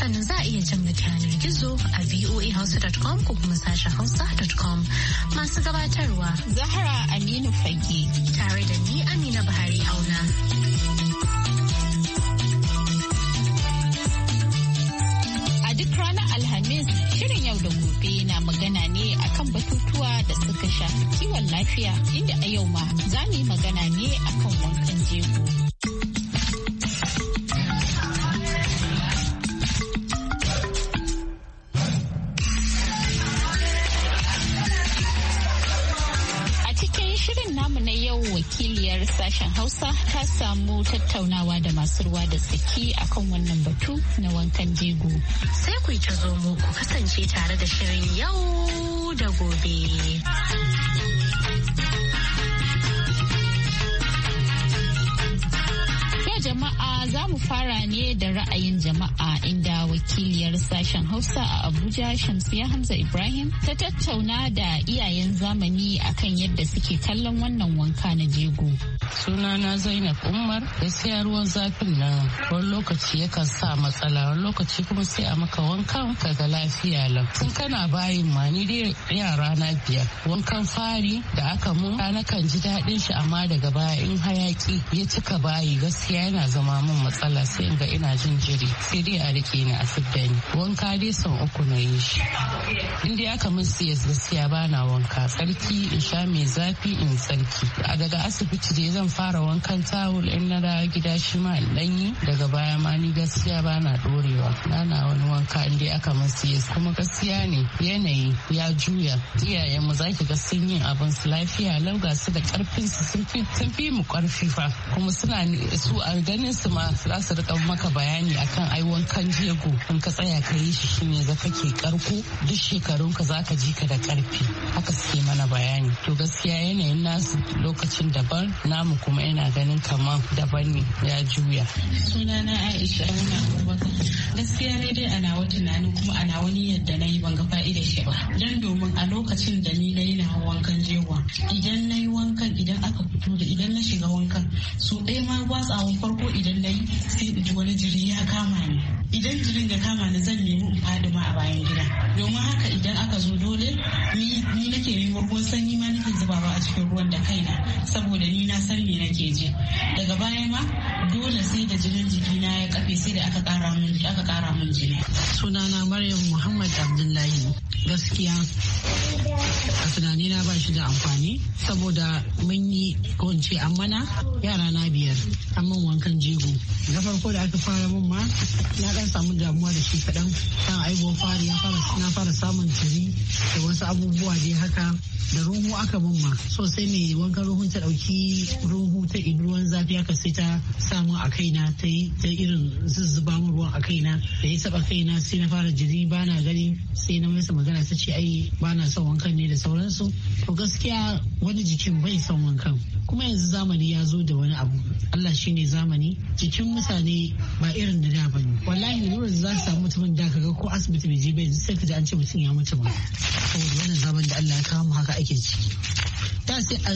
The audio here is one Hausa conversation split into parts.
sannan za a iya jan mu yanar gizo a voahausa.com ko kuma sashen hausa.com masu gabatarwa zahra aminu fage tare da ni amina buhari auna. a duk ranar Alhamis shirin yau da gobe na magana ne akan batutuwa da suka shafi kiwon lafiya inda a yau ma za mu yi magana ne akan wankan jego. wakiliyar sashen hausa ta samu tattaunawa da masu ruwa da tsaki akan wannan batu na wankan jego sai ku ta zo mu ku kasance tare da shirin yau da gobe. za mu fara ne da ra'ayin jama'a inda wakiliyar sashen Hausa a Abuja Shamsiya Hamza Ibrahim ta tattauna da iyayen zamani akan yadda suke kallon wannan wanka na jego. Sunana Zainab Umar gaskiya ruwan zafin nan wani lokaci yakan sa matsala wani lokaci kuma sai a maka wankan ka ga lafiya lau. Tun kana bayin ma ni dai yara na biyar wankan fari da aka mun na kan ji daɗin shi amma daga baya in hayaki ya cika bayi gaskiya yana zama min matsala sai in ga ina jin jiri sai dai a rike ni a fidda ni wanka dai son uku na yin shi in dai aka min siya gaskiya ba na wanka tsarki in sha mai zafi in tsarki a daga asibiti dai zan fara wankan tawul in na da gida shi ma in danyi daga baya ma ni gaskiya ba na dorewa na na wani wanka in dai aka min siya kuma gaskiya ne yanayi ya juya iyayen mu zaki ga sun yi abin su lafiya lau ga su da karfin su sun fi mu karfi fa kuma suna su a ganin su ma kuma za su rika maka bayani akan ai kan jego in ka tsaya ka yi shi shine ga kake karko duk shekarun ka zaka ji ka da karfi haka suke mana bayani to gaskiya yanayin nasu lokacin daban namu kuma yana ganin kamar daban ne ya juya sunana Aisha Auna Abubakar gaskiya ne dai ana wata tunanin kuma ana wani yadda na yi ban ga fa'ida shi ba dan domin a lokacin da ni na yi na wankan jewa idan na yi wankan idan aka fito da idan na shiga wankan su ɗaya ma gwatsawan farko idan na na sai wani jiri ya kama ni idan jirin ga kama ni zan nemi in a bayan gida domin haka idan aka zo dole ni nake nemo ruwan sanyi ma nake zubawa a cikin ruwan da kaina saboda ni na san me nake je daga baya ma dole sai da jiki jikina ya kafe sai da aka kara min aka kara min jini sunana Maryam Muhammad Abdullahi gaskiya a tunani na ba shi da amfani saboda mun yi ko a mana yara na biyar amma wankan jego na farko da aka fara mun ma na kan samu damuwa da shi kaɗan kan aibuwa fari ya na fara samun tiri da wasu abubuwa dai haka da ruhu aka bin ma so sai mai wankan ruhun ta ɗauki ruhu ta ruwan zafi aka sai ta samu a kaina ta yi ta irin zuzzuba mu ruwan a kaina da ya taɓa kaina sai na fara jiri ba na gani sai na masa magana ta ce ai ba na son wankan ne da sauransu to gaskiya wani jikin bai son wankan kuma yanzu zamani ya zo da wani abu Allah shine zamani jikin mutane ba irin da da bane wallahi wallahi lura za ka samu mutumin da kaga ko asibiti bai je bai sai ka ji an ce mutum ya mutu ba saboda wannan zaman da Allah ya kawo mu haka ake ciki ta sai a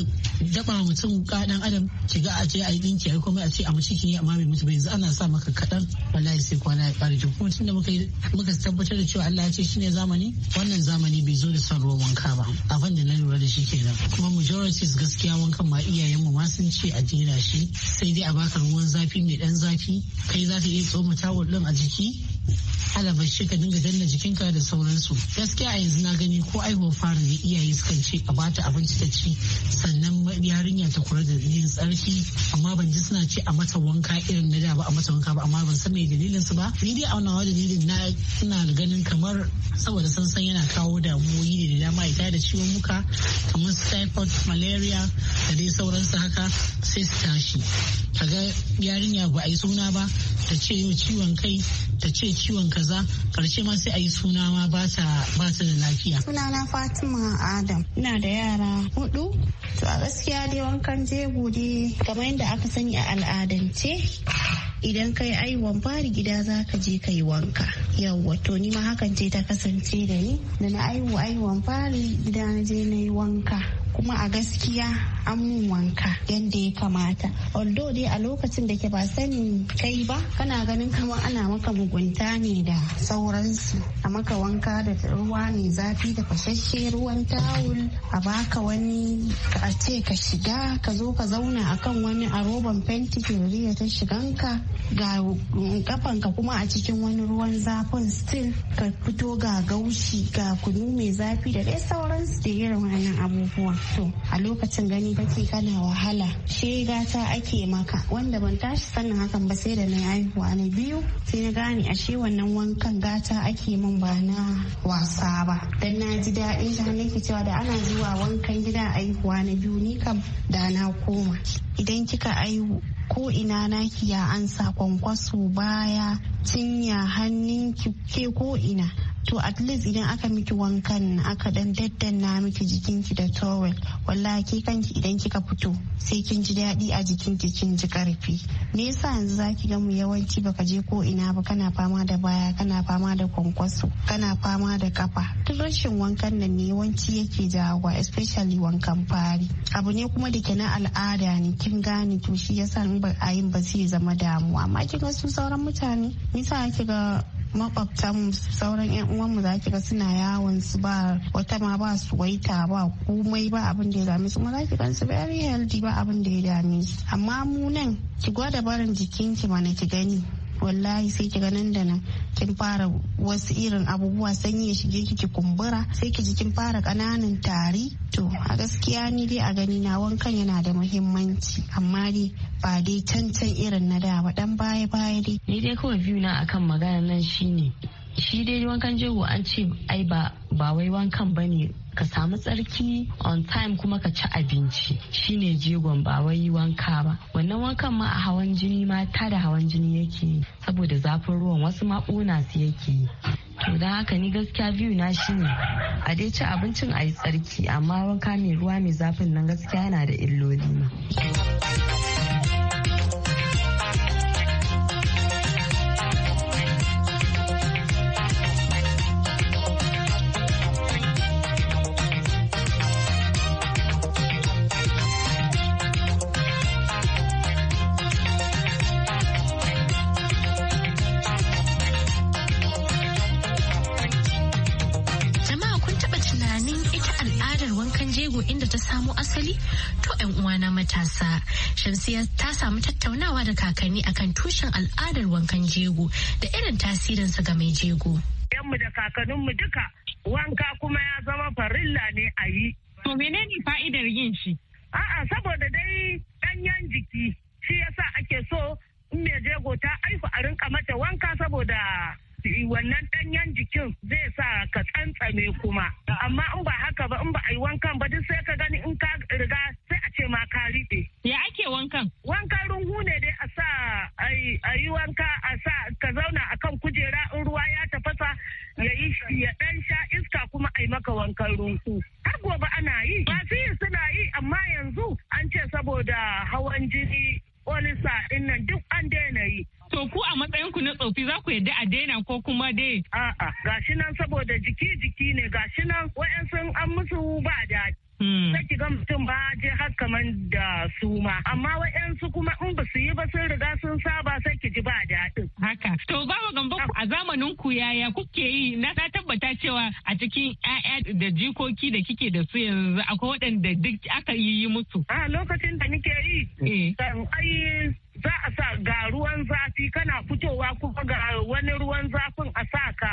daba mutum wuka dan adam shiga a ce a yi dinki a komai a ce a mu cikin amma mai mutu bai yanzu ana sa maka kaɗan wallahi sai kwana ya ƙare to kuma tunda muka muka tabbatar da cewa Allah ya ce ne zamani wannan zamani bai zo da son ruwan wanka ba abin da na lura da shi kenan kuma majority gaskiya wankan ma iyayen mu ma sun ce a jera shi sai dai a baka ruwan zafi mai dan zafi kai za ka iya tsoma tawul din a jiki halaba shi ka dinga danna jikin jikinka da sauransu gaskiya a yanzu na gani ko aihuwar fara ne iyaye sukan ce a bata abinci ta ci sannan yarinya ta kura da yin tsarki amma ban ji suna ce a mata wanka irin na da ba a mata wanka ba amma ban san mai dalilin su ba ni dai aunawa dalilin na ina ganin kamar saboda sansan yana kawo damuwoyi ne da dama ya da ciwon muka kamar typhoid malaria da dai sauransu haka sai su tashi kaga yarinya ba a yi suna ba ta ce yau ciwon kai ta ce ciwon kaza karshe ma sai a yi suna ma ba ta da lafiya sunana fatima adam ina da yara hudu to a gaskiya dai wankan je dai kamar yadda aka sani a al'adance idan kai aiwon fari gida za ka je ka wanka yawwa to ni ma hakan ce ta kasance da ni da na aiwo aiwon fari gida na je na yi wanka kuma a gaskiya an mun wanka yadda ya kamata although dai a lokacin da ke ba sani kai ba kana ganin kama ana maka mugunta ne da sauransu a maka wanka da ruwa mai zafi da fashashe ruwan tawul a baka wani a ce ka shiga ka zo ka zauna a kan wani a roban fenti ke ta shiganka ga kafanka kuma a cikin wani ruwan zafin stil ka fito ga gaushi ga kunu mai zafi da dai sauransu da irin wannan abubuwa to a lokacin gani baki kana wahala shi gata ake maka wanda ban tashi sanin hakan ba sai da na haihuwa na biyu sai na gane ashe wannan wankan gata ake min ba na wasa ba dan na ji daɗin ta nake cewa da ana zuwa wankan gida haihuwa na biyu ni kam da na koma idan kika aihu ko ina naki ya ansa kwankwaso baya cinya hannunki ke ko ina to at least idan aka miki wankan aka dan daddanna miki jikinki da towel wallahi ke kanki idan kika fito sai kin ji daɗi a jikinki kin ji karfi me yasa yanzu zaki ga mu yawanci baka je ko ina ba kana fama da baya kana fama da kwankwaso kana fama da kafa duk rashin wankan nan ne yawanci yake jawowa especially wankan fari abu ne kuma da ke na al'ada ne kin gane to shi yasa in ba a yin ba zai zama damuwa amma kin ga su sauran mutane yasa ake ga makwabta sauran yan uwanmu za ki ga suna yawon su ba wata ma ba su waita ba komai ba abin da ya dame su za ki gan su very healthy ba abin da ya dame su amma mu nan ki gwada barin jikin ki mana ki gani wallahi sai ki nan da nan kin fara wasu irin abubuwa sanyi ya shige kiki kumbura sai ki ji kin fara kananan tari to a gaskiya ni dai a gani na wankan yana da muhimmanci amma dai ba dai cancan irin na da ba dan baya baya dai ni dai kawai biyu na akan magana nan shine shi dai wankan jego an ce ai ba wai wankan bane ka samu tsarki on time kuma ka ci abinci shine jigon ba wai wanka ba wannan wankan ma a hawan jini ma ta da hawan jini yake saboda zafin ruwan wasu ma ƙona su yake to da haka ni gaskiya biyu na shine a dai ci abincin a yi tsarki amma wanka mai ruwa mai zafin nan gaskiya yana da illoli in inda ta samo asali to yan uwana matasa shamsiya ta samu tattaunawa da kakanni akan tushen al'adar wankan jego da irin tasirinsa ga mai jego yanmu da mu duka wanka kuma ya zama farilla ne a yi to menene fa'idar yin shi a'a saboda dai danyen jiki shi yasa ake so in mai jego ta aihu a rinka mata wanka saboda wannan danyen jikin zai sa ka tsantsame kuma amma in ba haka ba in ba a yi wankan ba duk sai ka gani in ka riga sai a ce ma ka riɓe ya ake wankan wankan rungu ne dai a sa a yi wanka a sa ka zauna akan kujera in ruwa ya tafasa ya ya dan sha iska kuma a yi maka wankan rungu har gobe ana yi masu yi suna yi amma yanzu an ce saboda hawan jini olisa innan duk an daina yi. To ku a matsayin ku na tsofi za ku yadda a daina ko kuma dai? A'a gashi nan saboda jiki jiki ne gashi nan wa'yansu an musu ba daɗi. Hmm. sai ki ga mutum ba je har kamar da suma. ma amma wa'yansu kuma in ba su yi ba sun riga sun saba sai ki ji ba daɗin haka. To baba gamba a zamanin ku yaya kuke yi na tabbata cewa a cikin 'ya'ya da jikoki da kike da su yanzu akwai waɗanda duk aka yi musu. A lokacin da nake yi. Eh. Ai za a sa ga ruwan zafi kana fitowa kuma ga wani ruwan zafin a sa ka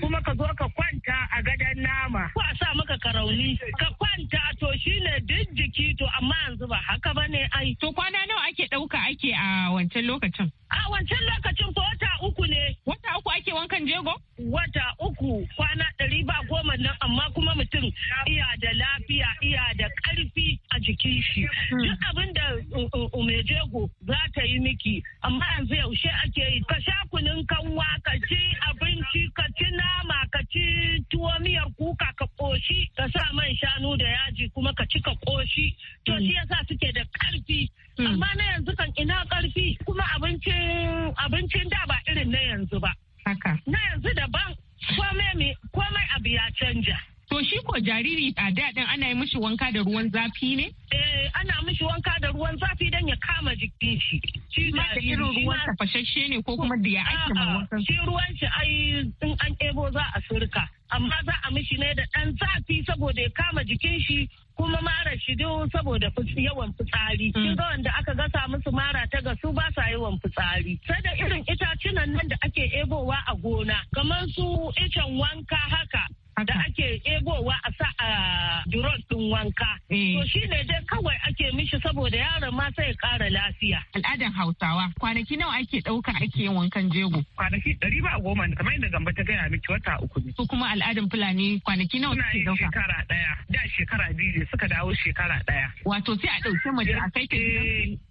kuma ka zo ka kwanta a gadon nama ko a sa maka karauni ka kwanta to shine duk jiki to amma yanzu ba haka ba ne ai to kwana nawa ake ɗauka ake a wancan lokacin a wancan lokacin ko wata uku ne wata uku ake wankan jego? Wata uku kwana ɗari ba goma nan amma kuma mutum iya da lafiya iya da ƙarfi a jikin shi. Hmm. Duk abin da mai jego za ta yi miki amma yanzu yaushe ake yi ka sha kunun kanwa ka ci abinci ka ci nama ka ci tuwo miyar kuka ka ƙoshi ka sa man shanu da yaji kuma ka ci ka ƙoshi. To hmm. shi yasa suke da ƙarfi. Hmm. amma na yanzu kan ina karfi kuma abincin da ba irin na yanzu ba Haka. Na yanzu daban komai abu ya canja. To shi ko jariri a daɗin ana yi mishi wanka da ruwan zafi ne? Eh ana mishi wanka da ruwan zafi don ya kama jikin shi. Shi ma da irin ruwan tafashashe ne ko kuma da ya ake ma Shi ruwan shi ai in an ɗebo za a surka. Amma za a mishi ne da ɗan zafi saboda ya kama jikin shi kuma mara shi saboda yawan fitsari. Hmm. Kin ga wanda aka gasa musu mara ta gasu ba sa yawan fitsari. Sai da irin itacinan nan da ake ebowa a gona kamar su icen wanka haka da ake ebowa a sa a duron din wanka. To eh. shi ne dai kawai ake mishi saboda yaron ma sai kara lafiya. Al'adan Hausawa kwanaki nawa ake ɗauka ake yin wankan jego? Kwanaki ɗari ba goma kamar yadda gamba ta gaya miki wata uku ne. Su kuma al'adan Fulani kwanaki nawa suke ɗauka? shekara ɗaya. Da shekara biyu ne suka dawo shekara ɗaya. Wato sai a ɗauke mace a kai ta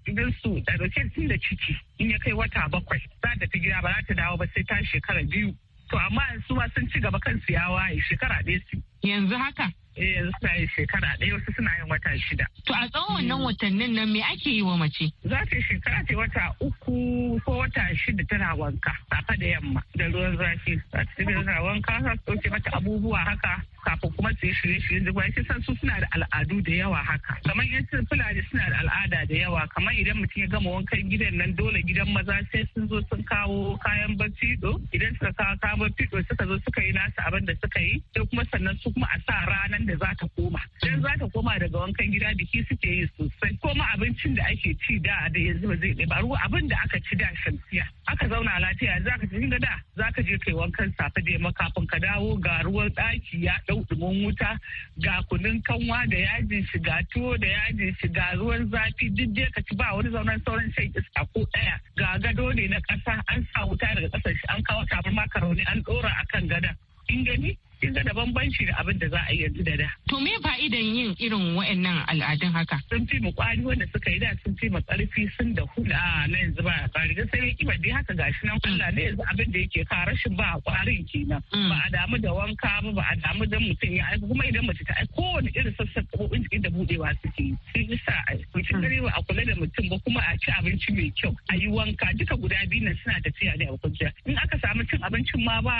gidan su eh, da tun da ciki in ya kai wata bakwai za ta fi gida ba za ta dawo ba sai ta shekara biyu. to amma su ma sun ci gaba kansu ya waye shekara ɗaya su yanzu haka eh suna yin shekara ɗaya wasu suna yin wata shida. To a tsawon wannan watannin nan me ake yi wa mace? Za ta shekara ta wata uku ko wata shida tana wanka safe da yamma da ruwan zafi. Za ta wanka za ta ɗauke mata abubuwa haka kafin kuma su yi shirye shirye jirgin yake san su suna da al'adu da yawa haka kamar yan fulani suna da al'ada da yawa kamar idan mutum ya gama wankan gidan nan dole gidan maza sai sun zo sun kawo kayan bacci do idan suka kawo kayan bacci do suka zo suka yi nasu abin da suka yi sai kuma sannan su kuma a sa ranar da za ta koma dan za ta koma daga wankan gida biki suke yi sosai koma abincin da ake ci da da yanzu ba zai ɗaya ruwa abin da aka ci da shamsiya aka zauna lafiya za ka ci da za ka je kai wankan safe da yamma kafin ka dawo ga ruwan ɗaki ya ɗauɗumin wuta ga kunun kanwa da yajin shiga tuwo da yajin shiga ruwan zafi duk dai ka ci ba wani zaunan sauran shan iska ko ɗaya ga gado ne na ƙasa an sa wuta daga ƙasashe an kawo tabarma makaroni an ɗora akan gadon in gani kin ga da bambanci da abin da za a yi yanzu da da. To me fa'idan yin irin wa'annan al'adun haka? Sun fi mu kwari wanda suka yi da sun fi mu karfi sun da hula na yanzu ba kwari da sai kiba dai haka gashi nan Allah ne yanzu abin da yake ka rashin ba a kwarin kenan. Mm. Ba a damu da wanka ba ba a damu da mutum ya aiko kuma idan mace ta ko kowane irin sassan kabobin jikin da budewa suke yi. Sun yi sa a mutum gari ba a kula da mutum ba kuma a ci abinci mai kyau a yi wanka duka guda biyu nan suna tafiya ne a kwanciya. In aka samu cin abincin ma ba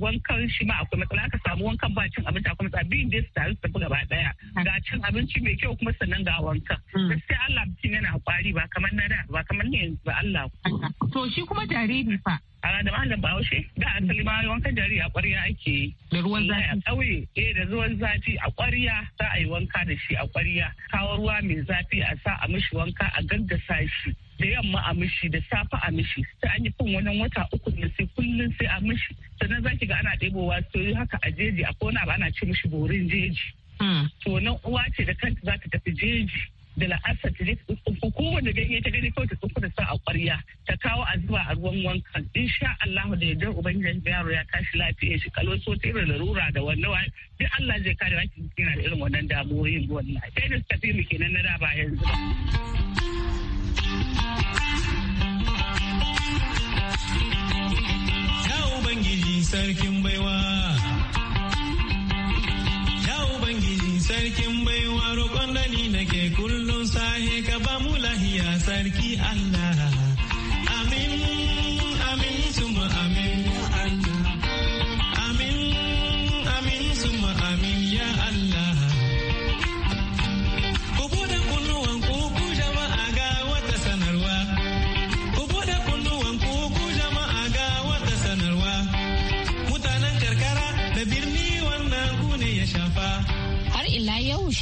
wankan shi ma akwai matsala aka samu wankan ba cin abinci a kuma biyun da su taru su tafi gaba daya hmm. ga cin abinci mai kyau kuma sannan ga wankan hmm. gaskiya Allah bikin yana kwari ba kamar na da ba kamar ne yanzu ba Allah to shi kuma jariri fa a da malam bahaushe da asali ma wankan jariri a ƙwarya ake yi da ruwan zafi a ƙauye eh da ruwan zafi a ƙwarya za a yi wanka da shi a ƙwarya. kawo ruwa mai zafi a sa a mishi wanka a gaggasa shi da yamma a mishi da safe a mishi sai an yi fin wani wata uku ne sai kullum sai a mishi sannan zaki ga ana ɗebowa soyu haka a jeji a kona ba ana ci mishi borin jeji hmm. to nan uwa ce da kanta za ta tafi jeji da la'asar ta je ta tsufa kowane ganye ta gani kawai ta tsufu da sa a kwarya ta kawo a zuba a ruwan wankan insha Allah da yardar ubangiji yaro ya tashi lafiya shi kalo so ta irin larura da wannan wa duk Allah zai kare wa kina da irin wannan damuwoyin wannan sai da tafi mu kenan na da ba yanzu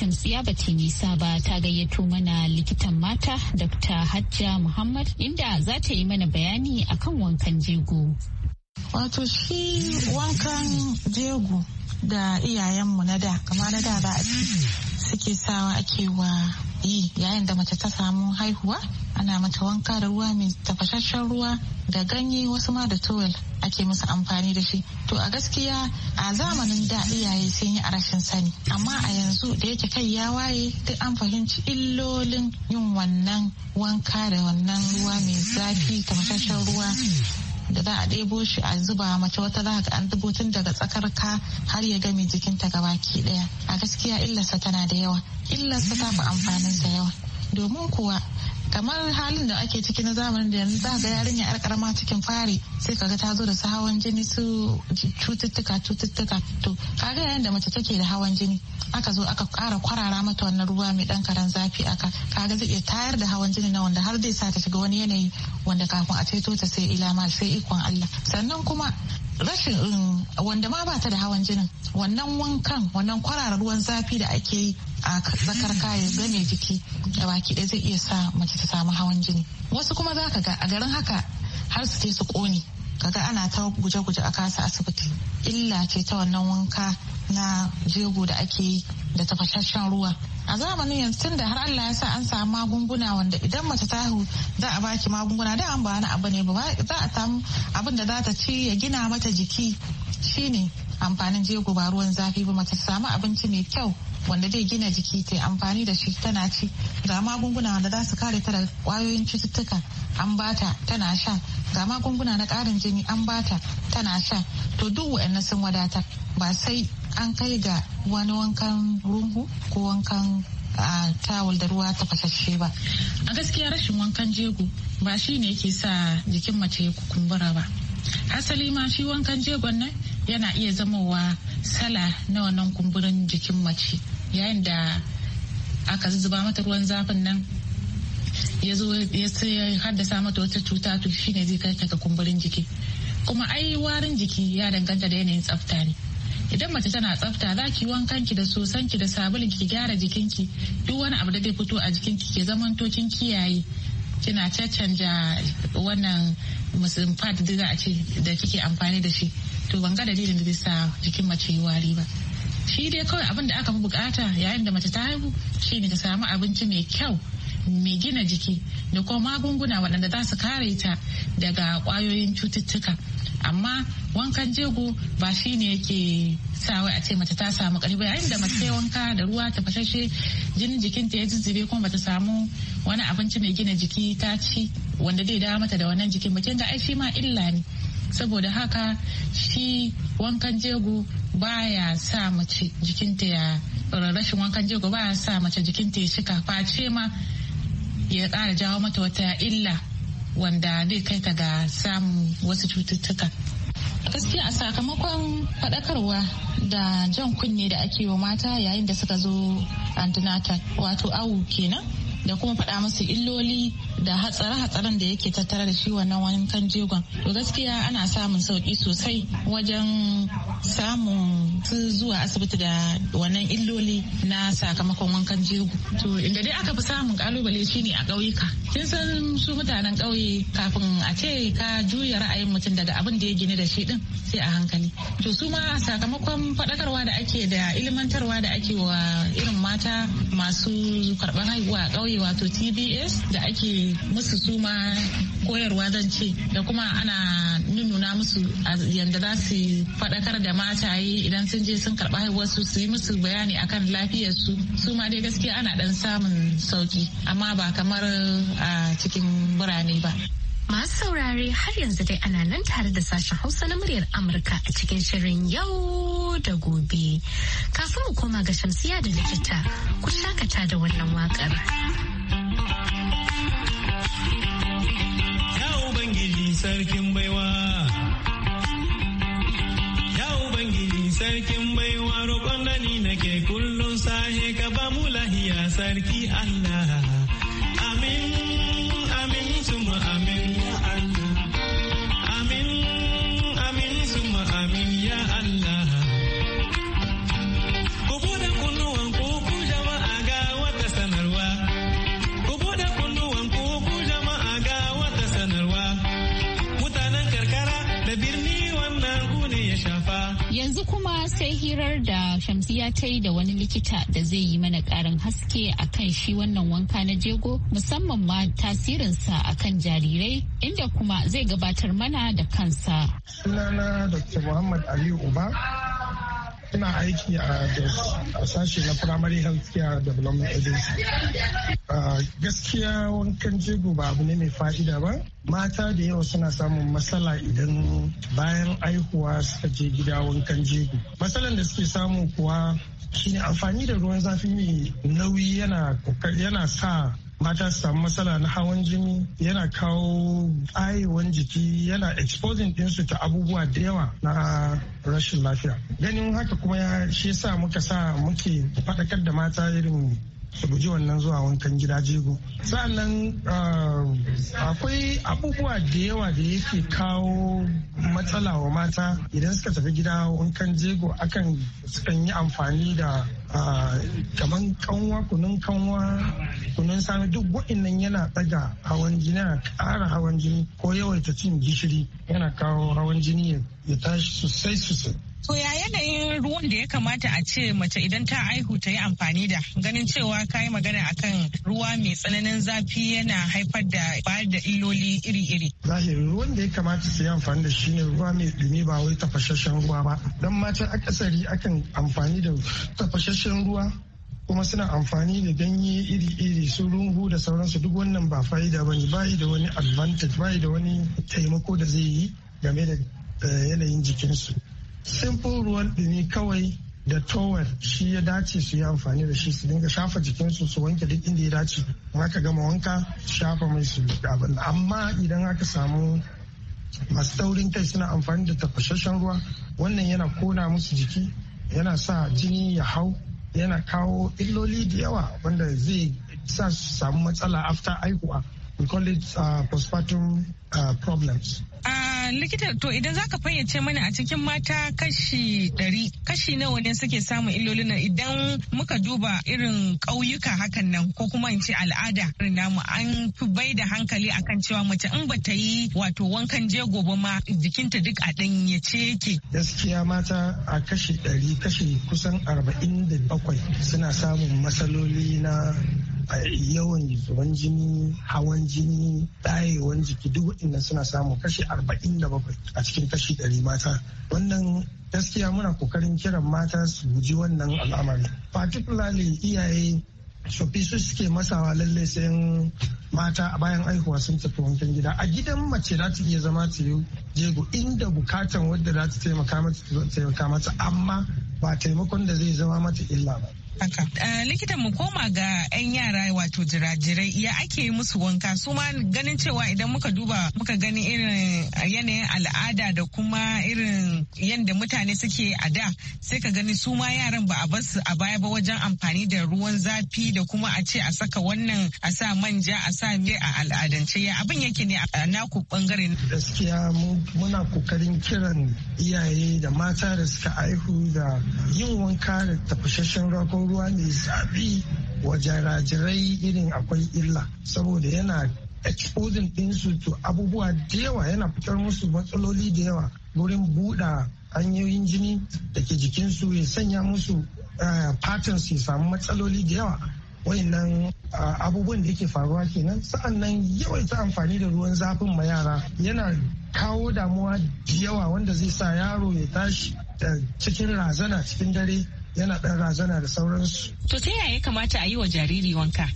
Shamsiya ba ta nisa ba ta gayyato mana likitan mata Dr. Hajja Muhammad inda za ta yi mana bayani akan wankan jego. Wato shi wankan jego da iyayenmu na da, kama na da ba a suke sawa ake wa yi yayin da mace ta samu haihuwa ana mata wanka da ruwa mai tafashashen ruwa da ganye wasu ma da towel ake musu amfani da shi to a gaskiya a zamanin da iyaye sun yi a rashin sani amma a yanzu da yake kai ya waye duk an fahimci illolin yin wannan wanka da wannan ruwa mai zafi tafashashen ruwa da za a ɗebo shi a zuba mace wata za ga an tun daga tsakar ka har ya mai jikinta gabaki ɗaya a gaskiya illarsa tana da yawa illarsa ta fi amfanin sa yawa domin kuwa kamar halin da ake ciki na zamanin da yanzu za ga yarinya yar karama cikin fari sai kaga ta zo da su hawan jini su cututtuka cututtuka to kaga yayin da mace take da hawan jini aka zo aka ƙara kwarara mata wannan ruwa mai dan karan zafi aka kaga zai iya tayar da hawan jini na wanda har zai sa ta shiga wani yanayi wanda kafin a ceto ta sai ilama sai ikon Allah sannan kuma rashin um, wanda ma ba ta da hawan jinin wannan wankan wannan kwararar ruwan zafi da ake yi a zakar kayan game jiki da baki ɗaya zai iya sa mace ta samu hawan jini wasu kuma za ka ga a garin haka har su su ƙone kaga ana ta guje-guje a kasa asibiti illa ce ta wannan wanka na jego da ake yi da tafasasshen ruwa a zamanin yanzu tun da har Allah ya sa an samu magunguna wanda idan mace ta haihu za a baki magunguna da an ba wani abu ne ba za a samu abin da za ta ci ya gina mata jiki shine amfanin jego ba ruwan zafi ba mace samu abinci mai kyau wanda zai gina jiki ta amfani da shi tana ci ga magunguna wanda za su kare ta da kwayoyin cututtuka an bata tana sha ga magunguna na karin jini an bata tana sha to duk wa'annan sun wadatar ba sai an kai ga wani wankan rungu ko wankan tawul da ruwa ta fasashe ba. A gaskiya rashin wankan jego ba shi ne yake sa jikin mace ya kumbura ba. asali ma shi wankan jegon nan yana iya zamowa sala na wannan kumburin jikin mace yayin da aka zuba mata ruwan zafin nan ya zo ya haddasa mata wata cuta to shine zai kai ta kumburin jiki kuma ai warin jiki ya danganta da yanayin tsafta ne idan mace tana tsafta za ki wankan ki da sosan ki da sabulun ki gyara jikin ki duk wani abu da zai fito a jikin ki ke zaman kin kiyaye kina caccanja wannan musulun fat da za a ce da kike amfani da shi to ban ga dalilin da zai sa jikin mace yi wari ba shi dai kawai abin da aka fi bukata yayin da mace ta haihu shine ta samu abinci mai kyau mai gina jiki da kuma magunguna waɗanda za su kare ta daga ƙwayoyin cututtuka amma wankan jego ba shi ne yake sawa a ce mace ta samu karfi yayin da mace wanka da ruwa ta fashashe jinin jikinta ya zuzube kuma bata samu wani abinci mai gina jiki ta ci wanda zai dawo mata da wannan jikin mace ga aishi ma illa ne saboda haka shi wankan jego baya sa mace jikinta ya rashin wankan jego baya sa mace jikinta ya shika face ma ya ƙara jawo mata wata illa wanda zai kai ta ga samun wasu cututtuka gaskiya a sakamakon faɗakarwa da jan kunne da ake wa mata yayin da suka zo antenatal wato awu kenan da kuma faɗa musu illoli da hatsare-hatsaren da yake tattara da shi wannan wankan jegon to gaskiya ana samun sauki sosai wajen samun su zuwa asibiti da wannan illoli na sakamakon wankan jego to inda dai aka fi samun kalubale shine a ƙauyuka kin san su mutanen ƙauye kafin a ce ka juya ra'ayin mutum daga abin da ya gini da shi din sai a hankali to su ma sakamakon faɗakarwa da ake da ilmantarwa da ake wa irin mata masu karɓar haihuwa a ƙauye wato tbs da ake musu suma koyarwa zan ce da kuma ana nuna musu yadda za su faɗakar da mataye idan sun je sun karɓa haihuwarsu su yi musu bayani akan lafiyarsu su ma dai gaskiya ana ɗan samun sauki amma ba kamar a cikin birane ba Masu saurare har yanzu dai ana nan tare da sashen Hausa na muryar Amurka a cikin shirin yau da gobe. Kafin mu koma ga shamsiya da likita ku shakata da wannan wakar. Ya sarkin baiwa. Ya nake kullum sahe ka ba lahiya sarki Allah. ya Allah yanzu kuma sai hirar da shamsiya ta yi da wani likita da zai yi mana karin haske a kan shi wannan wanka na jego musamman ma tasirinsa akan jarirai inda kuma zai gabatar mana da kansa sunana dr muhammad aliyu uba ina aiki a sashe na primary health care development agency gaskiya wankan jego ba abu ne mai fa'ida ba mata da yawa suna samun matsala idan bayan aihuwa suka je gida wankan jego matsalan da suke samu kuwa shine amfani da ruwan zafi mai nauyi yana sa mata su samu matsala na hawan jini yana kawo ayewan jiki yana exposing ɗinsu ta abubuwa da yawa na rashin lafiya ganin haka kuma ya shi sa muka sa muke faɗakar da mata irin su guji wannan zuwa wankan gida jego sa'annan ah, akwai abubuwa da yawa da yake kawo matsala wa mata idan suka tafi gida wankan jego akan sukan yi amfani da ah, kaman kanwa kunun kanwa kunun sami duk wainnan yana daga hawan jini yana kara hawan jini ko yawaita cin gishiri yana kawo hawan jini ya tashi sosai sosai To ya yanayin ruwan da ya kamata a ce mace idan ta aihu ta yi amfani da ganin cewa ka yi magana akan ruwa mai tsananin zafi yana haifar da bayar da illoli iri-iri. Zahiri ruwan da ya kamata su yi amfani da shi ne ruwa mai dumi ba wai tafashashen ruwa ba. Don matan akasari akan amfani da tafashashen ruwa kuma suna amfani da ganye iri-iri su rungu da sauransu duk wannan ba fa'ida bane ba da wani advantage ba da wani taimako da zai yi game da eh, yanayin jikinsu. simple ruwan ɗumi kawai da towel shi ya dace su yi amfani da shi su dinga shafa jikinsu su wanke duk inda ya dace kuma aka gama wanka shafa mai su abin amma idan aka samu masu taurin kai suna amfani da tafashashen ruwa wannan yana kona musu jiki yana sa jini ya hau yana kawo illoli da yawa wanda zai sa su samu matsala after aihuwa we call it uh, postpartum uh, problems. A uh, likita to idan zaka fayyace mana a cikin mata kashi ɗari kashi nawa ne suke samun illolin idan muka duba irin ƙauyuka hakan nan ko kuma in ce al'ada namu an fi bai da hankali akan cewa mace in ba ta yi wato wankan je gobe ma jikinta duk a ɗanyace yake. Gaskiya mata a kashi ɗari kashi kusan arba'in da bakwai suna samun matsaloli na yawan zuban jini hawan jini ɗayewan jiki duk inda suna samu kashi arba'in da a cikin kashi ɗari mata wannan gaskiya muna kokarin kiran mata su guji wannan al'amari particularly iyaye su suke masawa lallai sayan mata a bayan aihuwa sun tafi wankan gida a gidan mace za ta iya zama ta yi jego inda bukatan wadda za ta taimaka mata amma ba taimakon da zai zama mata illa ba haka. Uh, likita mu koma ga 'yan yara wato jirajirai ya ake musu wanka su ma ganin cewa idan muka duba muka gani irin yanayin al'ada da kuma irin yadda mutane suke a da sai ka gani su ma yaran ba a basu a baya ba wajen amfani da ruwan zafi da kuma a ce a saka wannan a sa manja a sa me a al'adance ya abin yake ne a naku bangare. Gaskiya muna kokarin kiran iyaye da mata da suka aihu da yin wanka da tafasasshen rako shan ruwa mai zafi wa jarajirai irin akwai illa saboda yana exposing dinsu to abubuwa da yawa yana fitar musu matsaloli da yawa wurin buɗa hanyoyin jini da ke jikinsu ya sanya musu fatan eh, ya samu matsaloli da yawa wayannan ah, abubuwan da yake faruwa kenan sa'an nan yawaita amfani da ruwan zafin ma yara yana kawo damuwa da yawa wanda zai sa yaro ya tashi cikin razana cikin dare yana ɗan razana da sauransu. To ta yaya kamata a yi wa jariri wanka?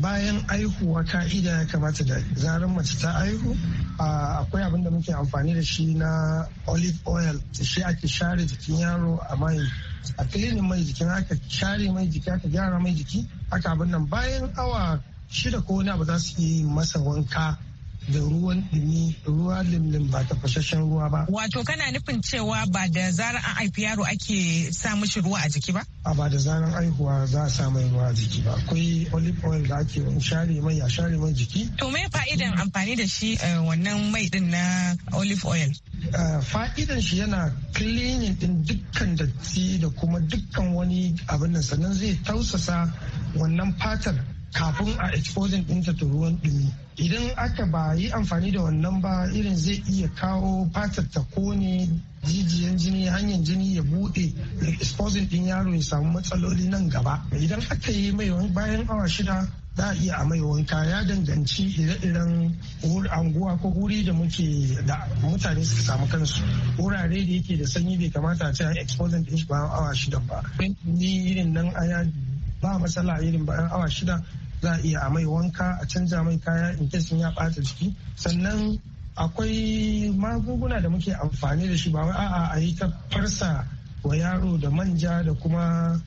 Bayan aihuwa ka'ida ya kamata da zarar mace ta aihu akwai abin da muke amfani da shi na olive oil shi ake share jikin yaro a mai a kilinin mai jikin aka share mai jiki aka gyara mai jiki aka abin nan bayan awa shida ko wani abu za su yi masa wanka da ruwan dumi ruwa limlim ba ta tafashashen ruwa ba. Wato kana nufin cewa ba da zarar an haifi yaro ake sa mishi ruwa a jiki ba? A ba da zarar aihuwa za a sa mai ruwa a jiki ba. Akwai olive oil da ake share mai a share mai jiki. To me fa'idan amfani da shi eh, wannan mai din na olive oil? Eh, fa'idan shi yana cleaning din dukkan datti da kuma dukkan wani abin nan sannan zai tausasa wannan fatar kafin a expose ɗinta ta ruwan ɗumi idan aka ba yi amfani da wannan ba irin zai iya kawo fatar ta kone jijiyan jini hanyar jini ya buɗe exposing ɗin yaro ya samu matsaloli nan gaba idan aka yi mai bayan awa shida za a iya a mai wanka ya danganci ire-iren anguwa ko wuri da muke da mutane suka samu kansu wurare da yake da sanyi bai kamata a ce an exposing ɗin shi bayan awa shida ba ni irin nan aya ba matsala irin bayan awa shida za a iya a mai wanka a canza mai kaya in kesin ya ɓata jiki sannan akwai magunguna da muke amfani da shi ba wai a'a a yi ta farsa wa yaro da manja da kuma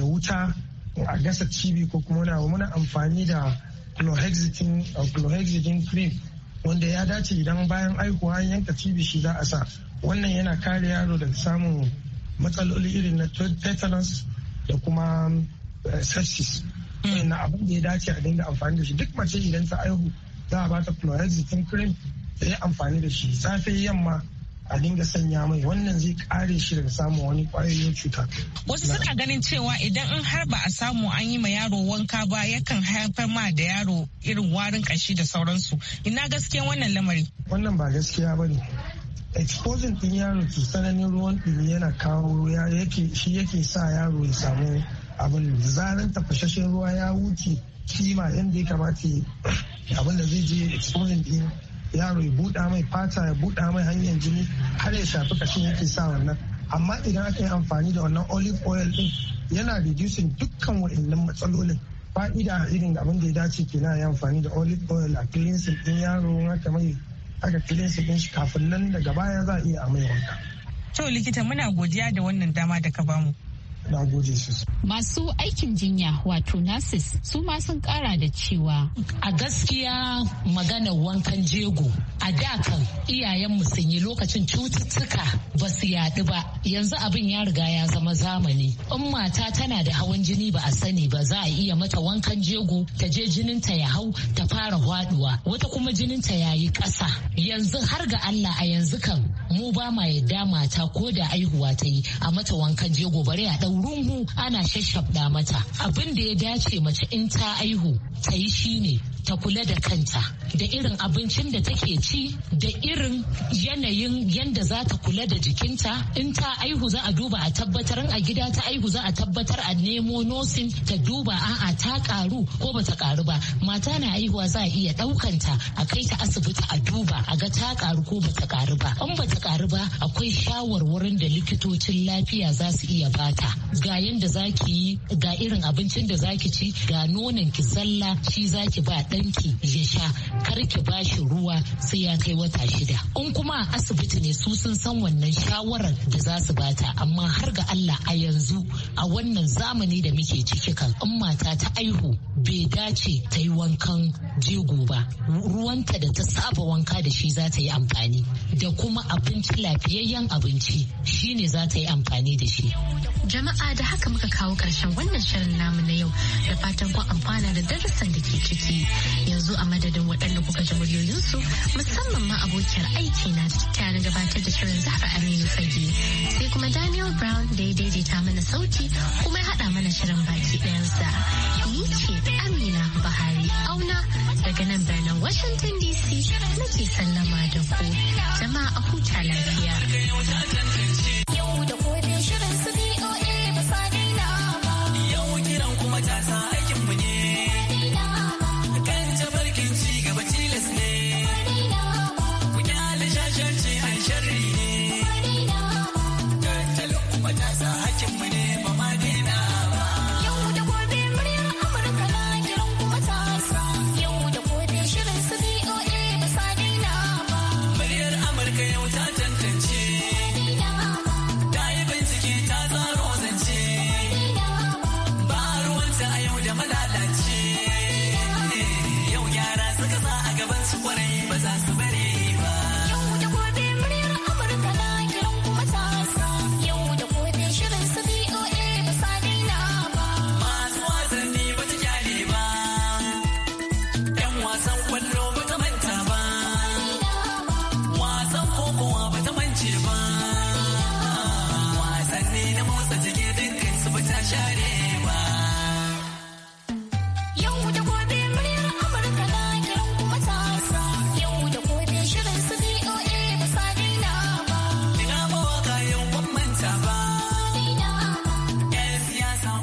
wuta a gasa cibi ko kuma wani muna amfani da chlorhexidine cream wanda ya dace idan bayan aihuwa yanka cibi shi za a sa wannan yana kare yaro daga samun matsaloli irin na tetanus da kuma eh, sepsis na abin da ya dace a dinga amfani da shi duk mace idan ta aihu za a bata chlorhexidine cream da yi amfani da shi safe yamma a dinga sanya mai wannan zai kare shi daga samun wani kwayoyin cuta. Wasu suna ganin cewa idan an harba a samu an yi ma yaro wanka ba yakan haifar ma da yaro irin warin kashi da sauransu. Ina gaskiya wannan lamari? Wannan ba gaskiya ba ne. Exposing din yaro to tsananin ruwan ɗumi yana kawo yake shi yake sa yaro ya samu abin zanen tafashashen ruwa ya wuce kima yadda ya kamata abin da zai je exposing din yaro ya buɗa mai fata ya buɗa mai hanyar jini har ya shafi kashin yake sa wannan amma idan aka yi amfani da wannan olive oil din yana reducing dukkan wa'annan matsalolin fa'ida a irin abin da ya dace kenan ya amfani da olive oil a cleansing din yaro haka mai aka cleansing din shi kafin nan daga baya za a iya amai wanka. To likita muna godiya da wannan dama da ka bamu. na gode Masu aikin jinya wato nurses su ma sun kara da cewa. A gaskiya magana wankan jego a da kan iyayenmu sun yi lokacin cututtuka ba su yaɗu ba yanzu abin ya riga ya zama zamani. In mata tana da hawan jini ba a sani ba za a iya mata wankan jego ta je jininta ya hau ta fara hwaduwa wata kuma jininta ya yi ƙasa. Yanzu har ga Allah a yanzu kan mu ba ma yadda mata ko da aihuwa ta yi a mata wankan jego bari a ɗau ɗaurungu ana shashabda mata abin da ya dace mace in ta aihu ta yi ne. ta kula da kanta da irin abincin da take ci da irin yanayin yadda za ta kula da jikinta in ta aihu za a duba a tabbatar a gida ta aihu za a tabbatar a nemo nosin ta duba a'a ta karu ko ba ta karu ba mata na aihuwa za a iya ta a kai ta asibiti a duba a ga ta karu ko ba ta karu ba in ba ta karu ba akwai shawarwarin da likitocin lafiya za su iya bata ga yadda za ki yi ga irin abincin da za ki ci ga nonon ki zalla shi za ki ba ɗanki ya sha kar ki ba shi ruwa sai ya kai wata shida in kuma a asibiti ne su sun san wannan shawarar da za su bata amma har ga Allah a yanzu a wannan zamani da muke ciki kan in mata ta aihu bai dace ta yi wankan jego ba ruwanta da ta saba wanka da shi za ta yi amfani da kuma abinci lafiyayyen abinci shi ne za ta yi amfani da shi. Jama'a da haka muka kawo ƙarshen wannan shirin namu na yau da fatan kun amfana da darasin da ke ciki yanzu a madadin waɗanda kuka ji muryoyinsu musamman ma abokiyar aiki na tare gabatar da shirin Zahra Aminu Fage sai kuma Daniel Brown da ya daidaita mana sauti kuma ya haɗa mana shirin baki ɗayansa. Ni ce Amina Bahari Auna daga nan birnin Washington DC nake sallama da ku jama'a a huta lafiya. Don't koda